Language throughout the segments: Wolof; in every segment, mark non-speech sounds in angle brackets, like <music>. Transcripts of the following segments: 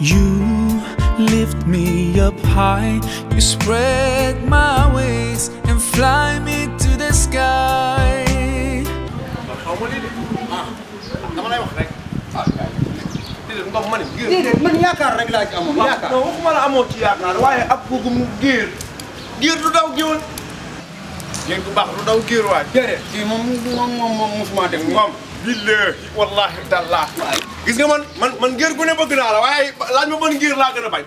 You lift me up high, you spread my wings and fly me to the sky. billaahi wallaahi tallaahi gis nga man man man géer gu ne bëgg naa la waaye laaj ma man géer laa gën a bañ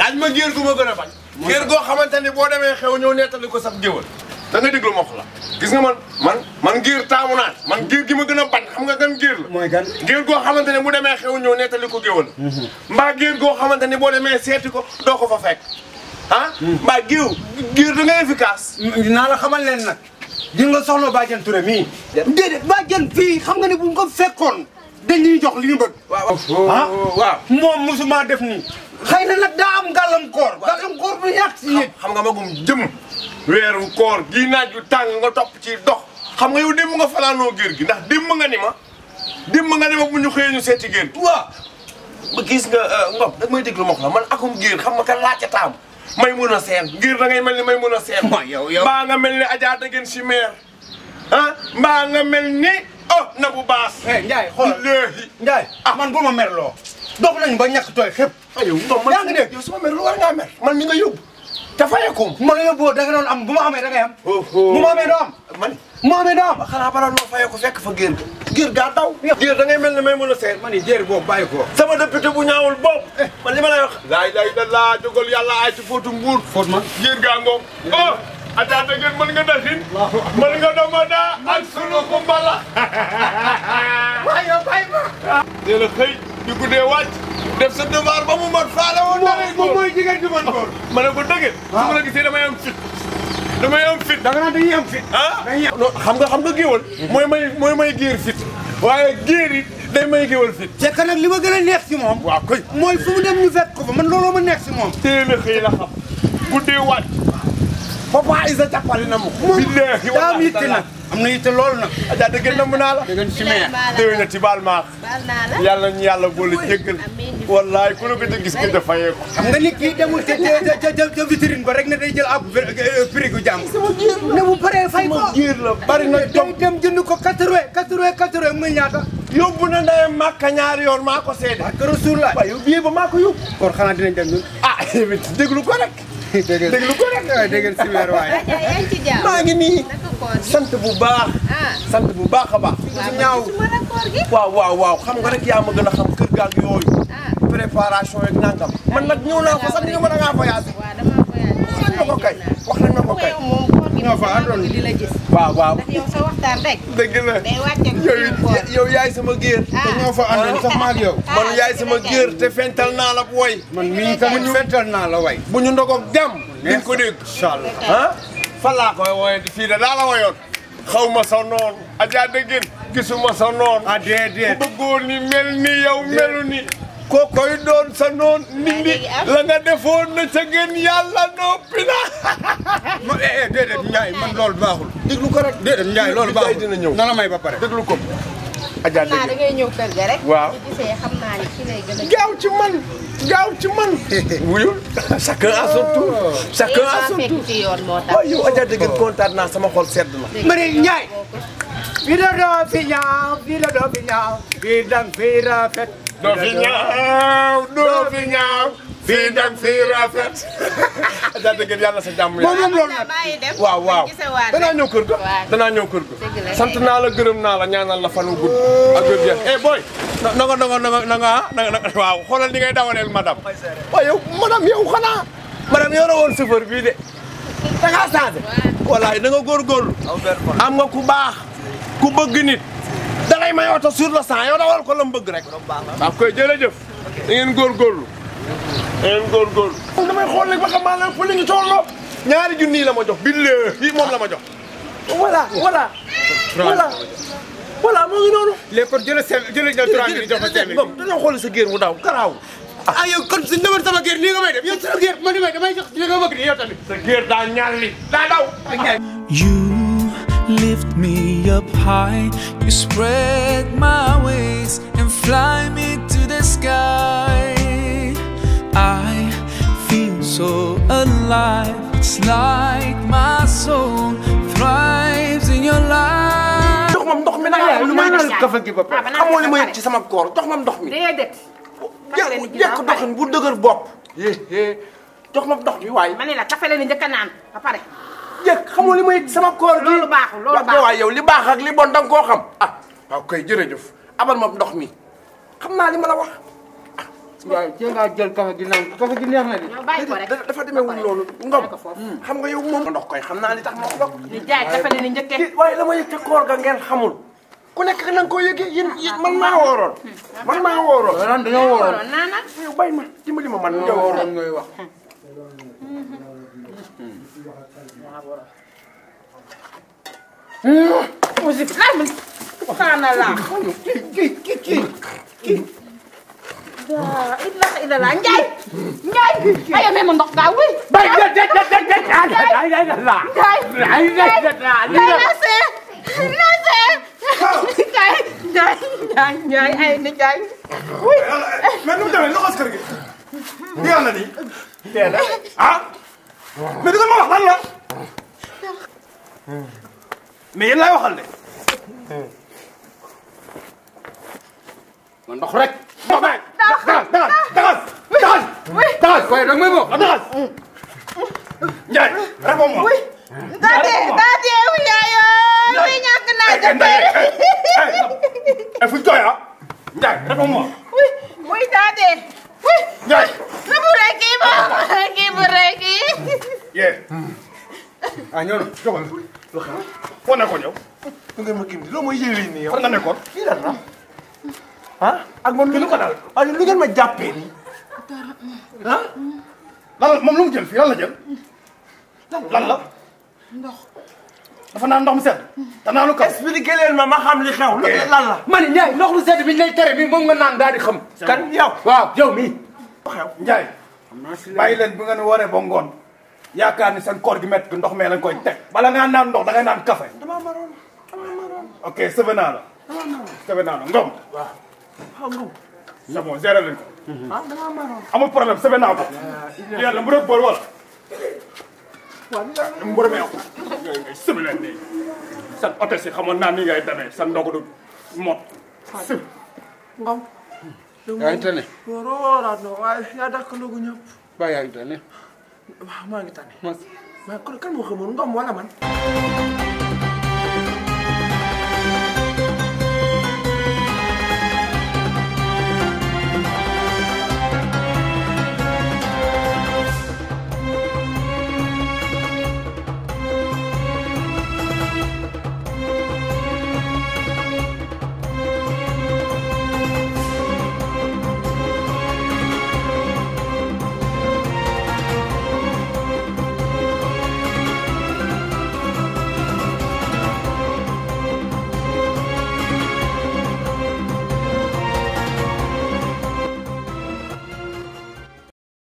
laaj ma géer gu ma gën a bañ géer goo xamante ni boo demee xew ñëw nettali ko sax géwal da nga déglu ma wax la gis nga man man man géer taamu naa man géer gi ma gën a bañ xam nga gan géer la mooy gan géer goo xamante ne bu demee xew ñëw nettali ko géwal mm-hmm. mbaa géer goo xamante ni boo demee seeti ko doo ko fa fek ah gir géew géer da nga efficace dinaa la xamal leen nag di nga soxla bàjjen Touré mii. déedéet bàjjen fii xam nga ne bu nga fekkoon dañuy jox li ñu bëgg. waaw waaw ah, moom musuma def nii. xëy na nag daa am gàllankoor. waaw gàllankoor bu yàq si yéen. xam nga magum jëm. weeru koor gii naaj yu tàng nga topp ci dox. xam nga yow démb nga fanaanoo géer gi ndax démb nga ni ma démb nga ni ma bu ñu xëyee ñu seeti géer gi. waaw gis nga euh, Ngom dag may déglu ma ko la man akum géer xam nga kan laa taam may Maymuna Seen ngir da ngay mel ni Maymuna Seen yow yow mbaa nga mel ni Adja Degen si meer ah nga mel ni oh Nabou Baas eh, Ndiaye xoolal léegi Ndiaye ah man bu ma merloo dox nañ ba ñàkk tooy xëpp ah, yow yaa ngi dégg yow ma merloo war ngaa mer man mi nga yóbbu te fayeekum bu ma la yóbbu da nga am bu ma amee da ngay am oh, oh. bu ma a doo am man moome daa ba xanaa bala loo fayee ko fekk fa gént géer gaa daw géer da ngay mel ne may mën a seet ma ni jéer boobu bàyyi ko sama député bu ñaawul boobu eh, man li ma lay wax laay da laa jógal yàlla aay ci fóotu mbuur fóot ma géer gaa ngoog oh ataata ngeen mën nga dasin mën nga dama daa ak sunu ko mbala waayo bay ma teel <laughs> a xëy di guddee wàcc def sa devoir ba mu mat faale woon na moom mooy jigéen ju man oh, góor ma ne ko dëgg ah. damay am fit. da nga naan dañuy am fit. ah xam nga xam nga géwal. Mhm. mooy may mooy may géer fit waaye géer it day may géwal fit. fekk nag li ma gën a neex si moom. waaw koy mooy fu mu dem ñu fekk ko fa man looloo ma neex si moom. teel a xëy la xam guddee waat. papa Isa jàppale na ma ko. moom daa am am na yitte loolu na Adja dëgg namm naa la. dëgg ci meer déwén na ci baal maax. baal naa la yàlla ñu yàlla boole jéggal. wallaay la ko gis nga def am na xam nga nit ki demul ba rek na day jël ab prix eh, eh, gu jàmm. ne bu paree fay ko giir la bari na dem dem jënd ko quatre-vingt quatre-vingt quatre-vingt ñaata. yóbbu na ndeyam màkka ñaari yoon maa ko seede. waaw kër Rasulullah waaw yow ba maa ko yóbbu. kon xanaa dinañ dem ñun. ah <laughs> déglu ko rek. déglu ko rek dégg nga si weer waaye. sant bu baax. Ah. sant bu baax a baax. ñaaw waaw waaw waaw xam nga rek yaa ma gën a kër gaag yooyu. Ah. préparation yeeg nangam. man nag ñëw naa fa sax ni nga mën a ngaa voyagé. wax nañ ma ko wax nañ waaw waaw. yow yow yaay sama géer. Ah. te ñoo fa àndoon sax yow. man yaay sama géer te fental naa la bu way. man mii tamit fental naa la way. bu ñu ndogoog jàmm. nañ ko dégg incha fan laa koy wooyee fii de daa la woyoon xaw ma sa noonu ajaa dëggeen gisuma sa noon a ah, déedéet ku bëggoon ni mel ni yow melu ni ko doon sa noon nit ñi la defoon na ca gën yàlla noppi na. mu <laughs> eh eh déedéet Ndiaye man loolu baaxul. déglu ko rek déedéet Ndiaye loolu a dina ñëw na may ba pare déglu ko. Adja dëgg da ngay naa ne ki lay gën a. gaaw ci man gaaw ci man. <laughs> à son tour. sama xol sedd na. bi la fi ñaaw bi la fi ñaaw. bi dang fi rafet. doo fi fi ñaaw. fii dem fii rafet. jaajëf <laughs> yàlla sa jàmm yàlla. moom waaw waaw danaa ñëw kër ga. danaa ñëw kër ga. sant naa la gërëm naa la ñaanal la fanu gudd. ak wér jeex eh, boy. na nga na nga na nga na nga waaw xoolal ni ngay dawaleel madame. waaw yow madame yow xanaa. madame yow la woon bii de. da ngaa changé. walaay da am nga ku baax. ku bëgg nit. da lay may oto sur le sang yow dawal ko la mu bëgg rek. waaw koy jërëjëf. da ngeen góorgóorlu. You lift me up high, you spread my wings and fly me to the sky. I feel so alive It's like my soul thrives in your life Jox ma ndox mi nag yaay lu may def kafal gi ba pare li ma ci sama koor jox ma ndox mi déedéet yekk doxin bu dëgër bopp jox ma ndox mi waaye ma la kafe la ni njëkk naan ba pare yëg xamoo li ma ci sama koor gi loolu baaxul loolu baaxul waaye yow li baax ak li bon danga koo xam ah waaw ah, kay abal ma ndox mi xam li ma wax waaw jéem a jël kafe gi naan kafe gi neex na de. ñoo bàyyi ko dafa demeewul loolu. Hmm. xam nga yow moom. ndox koy xam naa li tax ma ko bokk. li jaay dafa leen ni a. waaye la ma yëg ca koor ga ngeen xamul. ku nekk na nga koo yëgee yéen ah, ah, ah. Hmm. man maa wooroon. man maa wooroon. man dañoo wooroon yow bàyyi ma dimbali ma man. nga wooroon ngay hmm. wax. musique. xanaa la kii kii là nhanh nhanh bây giờ em mình đọc đầu đi đây đây đây đây đây đây đây đây đây đây là đây đây đây là đây nó xe nó xe đây đây đây đây ai đi đây mẹ nó đang nó cái gì đi ăn đi đi ăn à mẹ nó đang làm gì مين لا يخلي من نخرج Taxaw taxaw taxaw taxaw. oui taxaw waaye danga may bokk taxaw. Ndiaye réponds-moi. oui Ndade Ndade yow yaayoo. Ndiaye ñàkk naa jëfee. Ndiaye fu ñu tooy ah. Ndiaye réponds-moi. oui oui Ndade. oui. Ndiaye. nu mu rekk yi ba kii mu rekk yi. yee. ah ñoo doon jox ko. foo nekkoon yow. lu ngeen ma kii loo mooy yéeli nii yow. fan nga nekkoon fii la ah ak moom lu ah lu ngeen ma jàppee nii ah lan moom lu mu jël fii lan la jël lan la ndox dafa naan ndox mu sedd te naanu kaw expliqué leen ma ma xam li xew lan la ma ni Ndiaye ndox mu sedd bi ñu lay tere bi kan yow waaw yow mii xew Ndiaye bàyyi leen bi nga ne waree ba ok seve naa c'est bon gérer lañ ko. ah damaa maroon. amul problème sëbë naa ko. yàlla mu rëbb bool wala. waaw ñu ngi mu rëbb yow. yooyu ngay sëbi leen dee. seen hôtesse yi xamoon naa ni ngay demee seen ndogu du mot. si. Ngom. yaa ngi tane. wóorooraat na waaye yaa dàq ndogu ñëpp. waaw yaa ngi tane. waaw maa ngi tane. maa kon kan moo xamoon Ngom wala man.